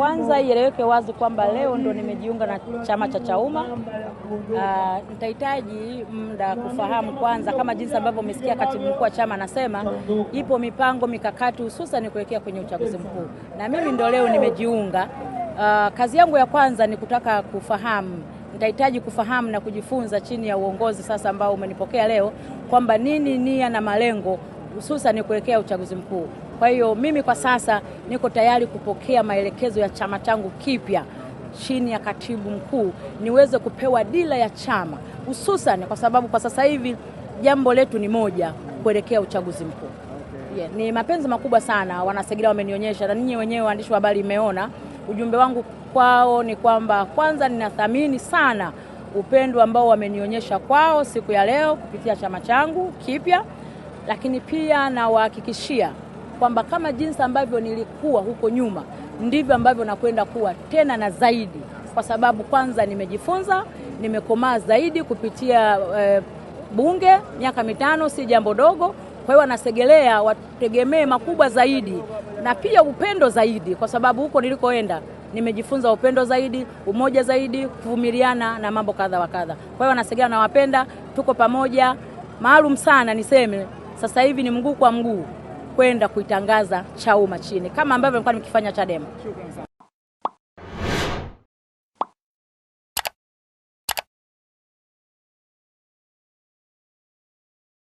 Kwanza ieleweke wazi kwamba leo ndo nimejiunga na chama cha Chauma. Uh, nitahitaji muda kufahamu kwanza, kama jinsi ambavyo umesikia katibu mkuu wa chama anasema ipo mipango mikakati, hususan kuelekea kwenye uchaguzi mkuu, na mimi ndo leo nimejiunga. Uh, kazi yangu ya kwanza ni kutaka kufahamu nitahitaji kufahamu na kujifunza chini ya uongozi sasa ambao umenipokea leo, kwamba nini nia na malengo hususan kuelekea uchaguzi mkuu. Kwa hiyo mimi kwa sasa niko tayari kupokea maelekezo ya chama changu kipya chini ya katibu mkuu, niweze kupewa dira ya chama, hususan kwa sababu kwa sasa hivi jambo letu ni moja kuelekea uchaguzi mkuu. Yeah, ni mapenzi makubwa sana Wanasegera wamenionyesha, na ninyi wenyewe waandishi wa habari mmeona. Ujumbe wangu kwao ni kwamba kwanza, ninathamini sana upendo ambao wamenionyesha kwao siku ya leo kupitia chama changu kipya, lakini pia nawahakikishia kwamba kama jinsi ambavyo nilikuwa huko nyuma ndivyo ambavyo nakwenda kuwa tena na zaidi, kwa sababu kwanza nimejifunza, nimekomaa zaidi kupitia e, bunge. Miaka mitano si jambo dogo. Kwa hiyo wanasegelea wategemee makubwa zaidi na pia upendo zaidi, kwa sababu huko nilikoenda nimejifunza upendo zaidi, umoja zaidi, kuvumiliana na mambo kadha wa kadha. Kwa hiyo wanasegelea nawapenda, tuko pamoja. Maalum sana niseme sasa hivi ni mguu kwa mguu kwenda kuitangaza Chauma chini kama ambavyo nilikuwa nikifanya Chadema.